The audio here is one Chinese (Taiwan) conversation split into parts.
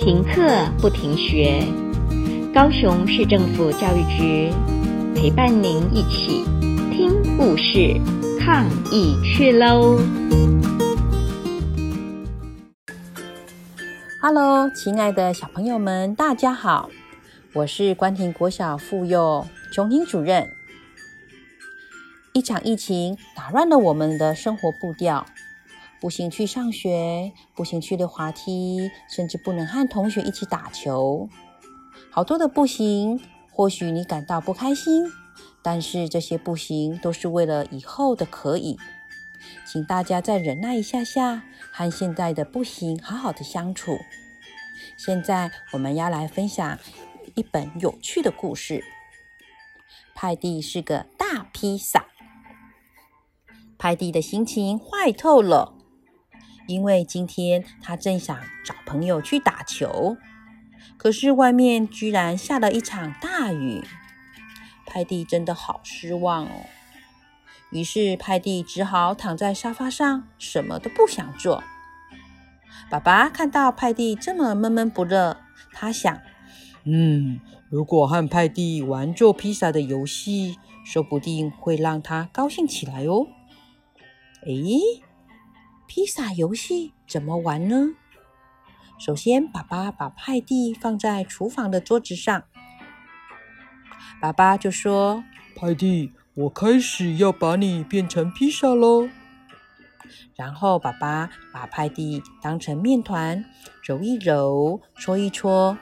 停課不停學，高雄市政府教育局陪伴您一起聽故事、抗疫去嘍。Hello，親愛的小朋友們，大家好，我是觀亭國小附幼瓊婷主任。一場疫情打亂了我們的生活步調。不行去上學，不行去溜滑梯，甚至不能和同學一起打球。好多的不行，或許你感到不開心，但是這些不行都是為了以後的可以。請大家再忍耐一下下，和現在的不行好好的相處。現在我們要來分享一本有趣的故事。派弟是個大披薩。派弟的心情壞透了。因為今天他正想找朋友去打球，可是外面居然下了一場大雨，派弟真的好失望哦。於是派弟只好躺在沙發上，什麼都不想做。爸爸看到派弟這麼悶悶不樂，他想：嗯，如果和派弟玩做披薩的遊戲，說不定會讓他高興起來哦。哎。披薩遊戲怎麼玩呢？首先，爸爸把派弟放在廚房的桌子上。爸爸就說：“派弟，我開始要把你變成披薩嘍。”然後，爸爸把派弟當成麵團，揉一揉，搓一搓。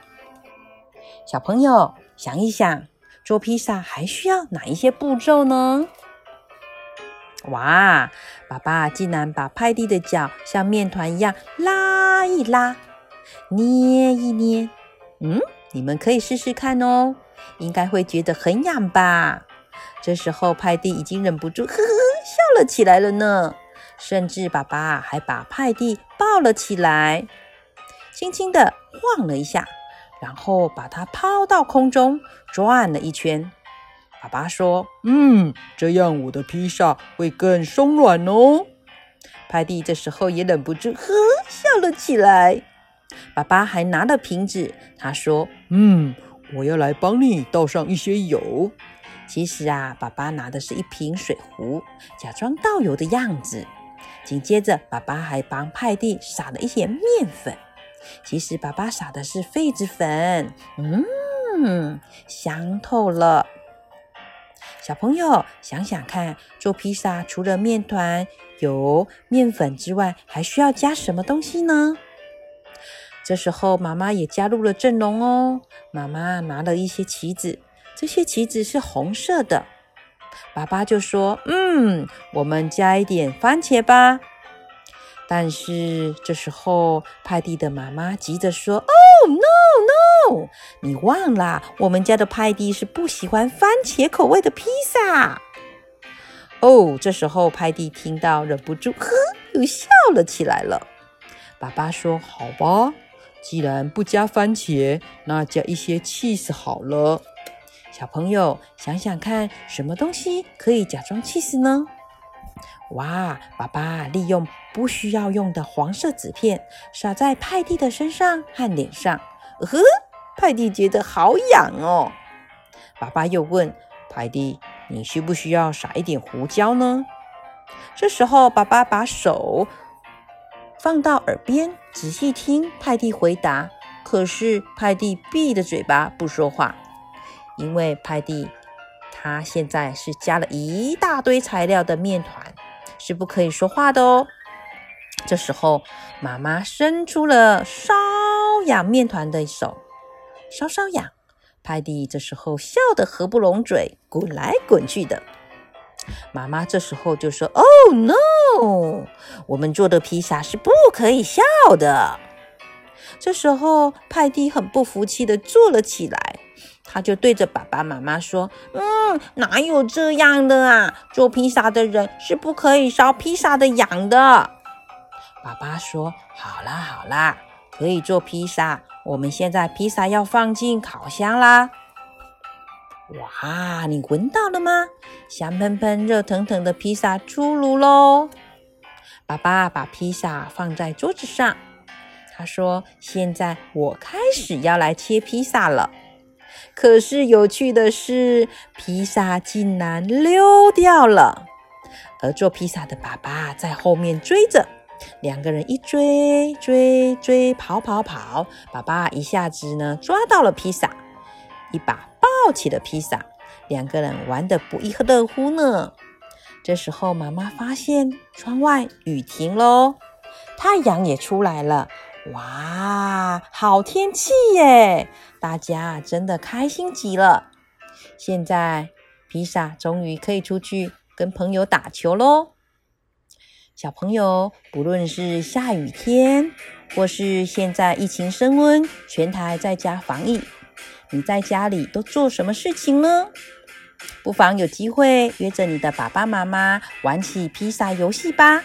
小朋友想一想，做披薩還需要哪一些步驟呢？哇，爸爸竟然把派弟的腳像麵糰一樣拉一拉、捏一捏，嗯，你們可以試試看哦，應該會覺得很癢吧？這時候派弟已經忍不住呵呵笑了起來了呢，甚至爸爸還把派弟抱了起來，輕輕地晃了一下，然後把它拋到空中轉了一圈。爸爸說：“嗯，這樣我的披薩會更鬆軟哦。”派弟這時候也忍不住呵笑了起來。爸爸還拿了瓶子，他說：“嗯，我要來幫你倒上一些油。”其實啊，爸爸拿的是一瓶水壺，假裝倒油的樣子。緊接着，爸爸還幫派弟撒了一些麵粉，其實爸爸撒的是痱子粉。嗯，香透了。小朋友想想看，做披薩除了麵團、油、麵粉之外，還需要加什麼東西呢？這時候媽媽也加入了陣容哦。媽媽拿了一些棋子，這些棋子是紅色的。爸爸就說：“嗯，我們加一點番茄吧。”但是這時候派弟的媽媽急着說：“哦。”哦 no, no no！你忘了，我們家的派弟是不喜歡番茄口味的披薩。哦，這時候派弟聽到，忍不住呵，又笑了起來了。爸爸說：“好吧，既然不加番茄，那加一些 cheese 好了。”小朋友想想看，什麼東西可以假裝 cheese 呢？哇！爸爸利用不需要用的黃色紙片撒在派弟的身上和臉上。呃呵，呵，派弟覺得好癢哦。爸爸又問派弟：“你需不需要撒一點胡椒呢？”這時候，爸爸把手放到耳邊仔細聽。派弟回答：“可是派弟閉着嘴巴不說話，因為派弟他現在是加了一大堆材料的麵團。”是不可以說話的哦。這時候，媽媽伸出了瘙癢麵團的手，搔搔癢。派弟這時候笑得合不攏嘴，滾來滾去的。媽媽這時候就說：“Oh no，我們做的披薩是不可以笑的。”這時候，派弟很不服氣地坐了起來。他就對着爸爸媽媽說：“嗯，哪有這樣的啊？做披薩的人是不可以搔披薩的癢的。”爸爸說：“好啦，好啦，可以做披薩。我們現在披薩要放進烤箱啦。”哇，你聞到了嗎？香噴噴、熱騰騰的披薩出爐嘍！爸爸把披薩放在桌子上，他說：“現在我開始要來切披薩了。”可是有趣的是，披薩竟然溜掉了，而做披薩的爸爸在後面追着，兩個人一追追追，跑跑跑，爸爸一下子呢抓到了披薩，一把抱起了披薩，兩個人玩得不亦樂乎呢。這時候媽媽發現窗外雨停了，太陽也出來了。哇，好天氣耶！大家真的開心極了。現在披薩終於可以出去跟朋友打球嘍。小朋友，不論是下雨天，或是現在疫情升溫，全台在家防疫，你在家裡都做什麼事情呢？不妨有機會約着你的爸爸媽媽，玩起披薩遊戲吧。